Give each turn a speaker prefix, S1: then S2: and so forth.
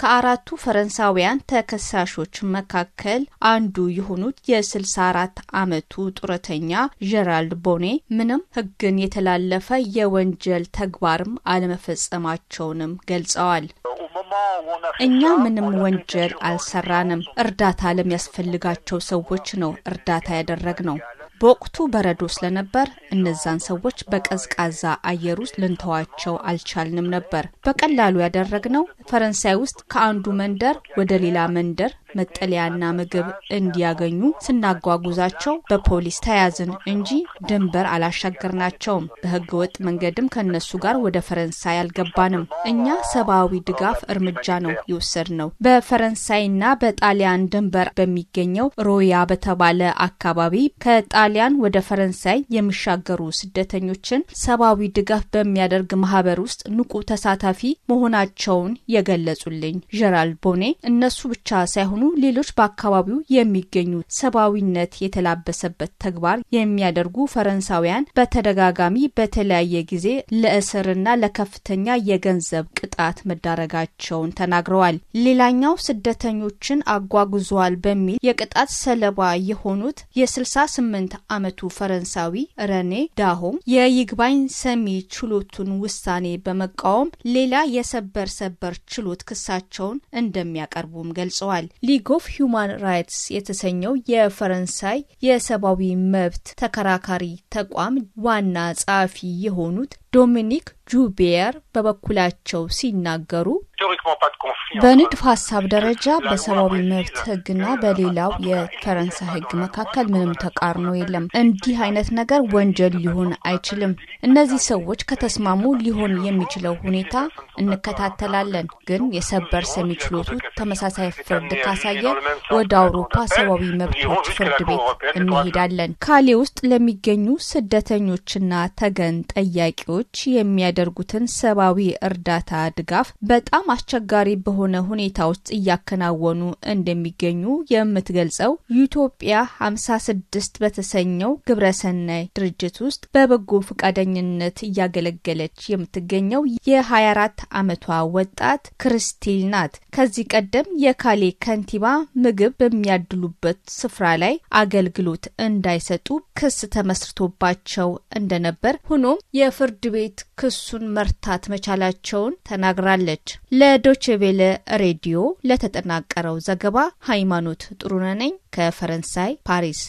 S1: ከአራቱ ፈረንሳውያን ተከሳሾች መካከል አንዱ የሆኑት የ64 ዓመቱ ጡረተኛ ጀራልድ ቦኔ ምንም ሕግን የተላለፈ የወንጀል ተግባርም አለመፈጸማቸውንም ገልጸዋል። እኛ ምንም ወንጀል አልሰራንም። እርዳታ ለሚያስፈልጋቸው ሰዎች ነው እርዳታ ያደረግ ነው። በወቅቱ በረዶ ስለነበር እነዛን ሰዎች በቀዝቃዛ አየር ውስጥ ልንተዋቸው አልቻልንም ነበር። በቀላሉ ያደረግነው ፈረንሳይ ውስጥ ከአንዱ መንደር ወደ ሌላ መንደር መጠለያና ምግብ እንዲያገኙ ስናጓጉዛቸው በፖሊስ ተያዝን እንጂ ድንበር አላሻገርናቸውም። በህገወጥ መንገድም ከነሱ ጋር ወደ ፈረንሳይ አልገባንም። እኛ ሰብአዊ ድጋፍ እርምጃ ነው የወሰድነው። በፈረንሳይና በጣሊያን ድንበር በሚገኘው ሮያ በተባለ አካባቢ ከጣ ከጣሊያን ወደ ፈረንሳይ የሚሻገሩ ስደተኞችን ሰብአዊ ድጋፍ በሚያደርግ ማህበር ውስጥ ንቁ ተሳታፊ መሆናቸውን የገለጹልኝ ጀራል ቦኔ እነሱ ብቻ ሳይሆኑ ሌሎች በአካባቢው የሚገኙ ሰብአዊነት የተላበሰበት ተግባር የሚያደርጉ ፈረንሳውያን በተደጋጋሚ በተለያየ ጊዜ ለእስርና ለከፍተኛ የገንዘብ ቅጣት መዳረጋቸውን ተናግረዋል። ሌላኛው ስደተኞችን አጓጉዘዋል በሚል የቅጣት ሰለባ የሆኑት የ68 ዓመቱ ፈረንሳዊ ረኔ ዳሆም የይግባኝ ሰሚ ችሎቱን ውሳኔ በመቃወም ሌላ የሰበር ሰበር ችሎት ክሳቸውን እንደሚያቀርቡም ገልጸዋል። ሊግ ኦፍ ሁማን ራይትስ የተሰኘው የፈረንሳይ የሰብአዊ መብት ተከራካሪ ተቋም ዋና ጸሐፊ የሆኑት ዶሚኒክ ጁቢየር በበኩላቸው ሲናገሩ በንድፍ ሀሳብ ደረጃ በሰብአዊ መብት ህግና በሌላው የፈረንሳይ ህግ መካከል ምንም ተቃርኖ የለም። እንዲህ አይነት ነገር ወንጀል ሊሆን አይችልም። እነዚህ ሰዎች ከተስማሙ ሊሆን የሚችለው ሁኔታ እንከታተላለን። ግን የሰበር ሰሚ ችሎቱ ተመሳሳይ ፍርድ ካሳየ ወደ አውሮፓ ሰብአዊ መብቶች ፍርድ ቤት እንሄዳለን። ካሌ ውስጥ ለሚገኙ ስደተኞችና ተገን ጠያቂዎች የሚያደ የሚያደርጉትን ሰብአዊ እርዳታ ድጋፍ በጣም አስቸጋሪ በሆነ ሁኔታ ውስጥ እያከናወኑ እንደሚገኙ የምትገልጸው ዩቶጵያ 56 በተሰኘው ግብረሰናይ ድርጅት ውስጥ በበጎ ፈቃደኝነት እያገለገለች የምትገኘው የ24 ዓመቷ ወጣት ክርስቲል ናት። ከዚህ ቀደም የካሌ ከንቲባ ምግብ በሚያድሉበት ስፍራ ላይ አገልግሎት እንዳይሰጡ ክስ ተመስርቶባቸው እንደነበር ሆኖም የፍርድ ቤት ክሱ እሱን መርታት መቻላቸውን ተናግራለች። ለዶችቬለ ሬዲዮ ለተጠናቀረው ዘገባ ሃይማኖት ጥሩነነኝ ከፈረንሳይ ፓሪስ